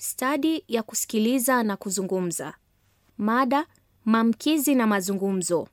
Stadi ya kusikiliza na kuzungumza. Mada: maamkizi na mazungumzo.